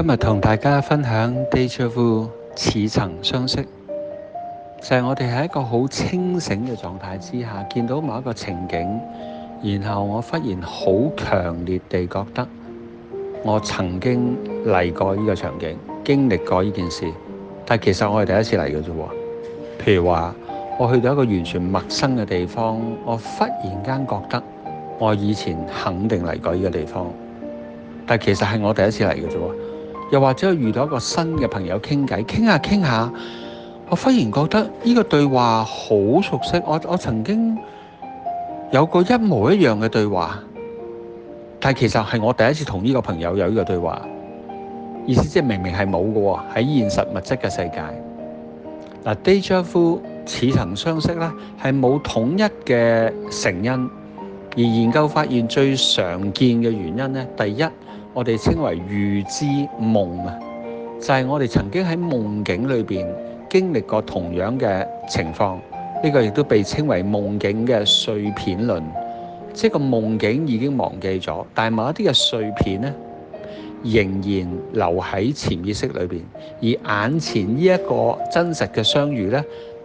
今日同大家分享 Déjà vu，似曾相識，就係我哋喺一個好清醒嘅狀態之下，見到某一個情景，然後我忽然好強烈地覺得，我曾經嚟過呢個場景，經歷過呢件事，但其實我係第一次嚟嘅啫。譬如話我去到一個完全陌生嘅地方，我忽然間覺得我以前肯定嚟過呢個地方，但其實係我第一次嚟嘅啫。又或者遇到一個新嘅朋友傾偈，傾下傾下，我忽然覺得呢個對話好熟悉，我我曾經有個一模一樣嘅對話，但其實係我第一次同呢個朋友有呢個對話，意思即明明係冇嘅喎，喺現實物質嘅世界。嗱，Déjà vu 似曾相識咧，係冇統一嘅成因。而研究發現最常見嘅原因呢，第一，我哋稱為預知夢啊，就係我哋曾經喺夢境裏邊經歷過同樣嘅情況。呢個亦都被稱為夢境嘅碎片論，即係個夢境已經忘記咗，但係某一啲嘅碎片呢仍然留喺潛意識裏邊，而眼前呢一個真實嘅相遇呢，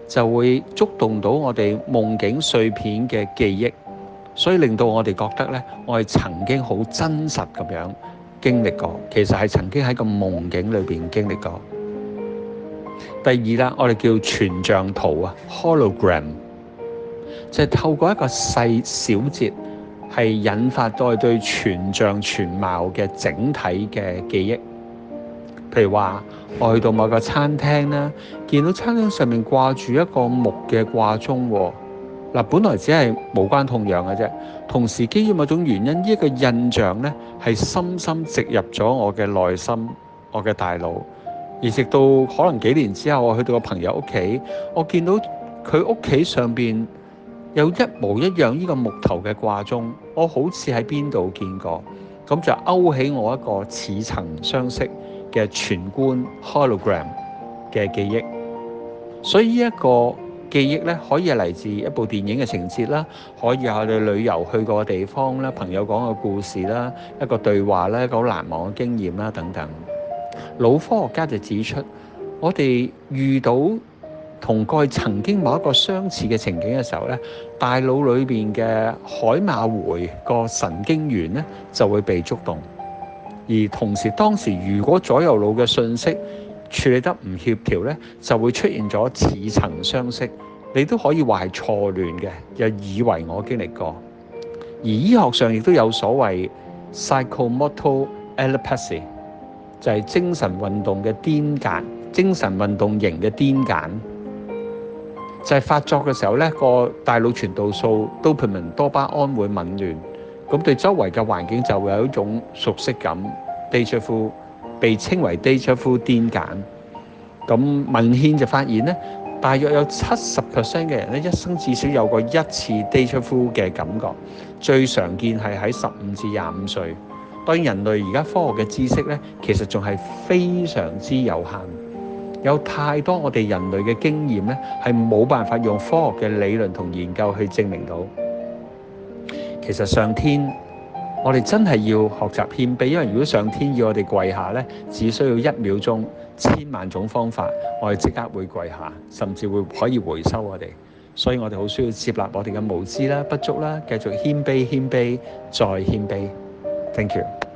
就會觸動到我哋夢境碎片嘅記憶。所以令到我哋覺得咧，我係曾經好真實咁樣經歷過，其實係曾經喺個夢境裏邊經歷過。第二啦，我哋叫全像圖啊，hologram，就係透過一個細小節，係引發到我對全像全貌嘅整體嘅記憶。譬如話，我去到某個餐廳啦，見到餐廳上面掛住一個木嘅掛鐘喎。嗱，本來只係無關痛癢嘅啫。同時，基於某種原因，呢個印象呢係深深植入咗我嘅內心、我嘅大腦。而直到可能幾年之後，我去到個朋友屋企，我見到佢屋企上邊有一模一樣呢個木頭嘅掛鐘，我好似喺邊度見過，咁就勾起我一個似曾相識嘅全觀 hologram 嘅記憶。所以呢一個記憶咧可以係嚟自一部電影嘅情節啦，可以係我哋旅遊去過嘅地方啦，朋友講嘅故事啦，一個對話啦，一個好難忘嘅經驗啦等等。腦科學家就指出，我哋遇到同過去曾經某一個相似嘅情景嘅時候咧，大腦裏邊嘅海馬迴個神經元咧就會被觸動，而同時當時如果左右腦嘅信息處理得唔協調咧，就會出現咗似曾相識。你都可以話係錯亂嘅，又以為我經歷過。而醫學上亦都有所謂 psychomotor epilepsy，就係精神運動嘅癲癇，精神運動型嘅癲癇，就係發作嘅時候咧，呢個大腦傳導素多巴胺會紊亂，咁對周圍嘅環境就會有一種熟悉感。t h a 被稱為 déjà vu 癲簡，咁文獻就發現咧，大約有七十 percent 嘅人咧，一生至少有過一次 déjà vu 嘅感覺，最常見係喺十五至廿五歲。當然人類而家科學嘅知識咧，其實仲係非常之有限，有太多我哋人類嘅經驗咧，係冇辦法用科學嘅理論同研究去證明到。其實上天。我哋真係要學習謙卑，因為如果上天要我哋跪下呢，只需要一秒鐘，千萬種方法，我哋即刻會跪下，甚至會可以回收我哋。所以我哋好需要接納我哋嘅無知啦、不足啦，繼續謙卑、謙卑再謙卑。Thank you。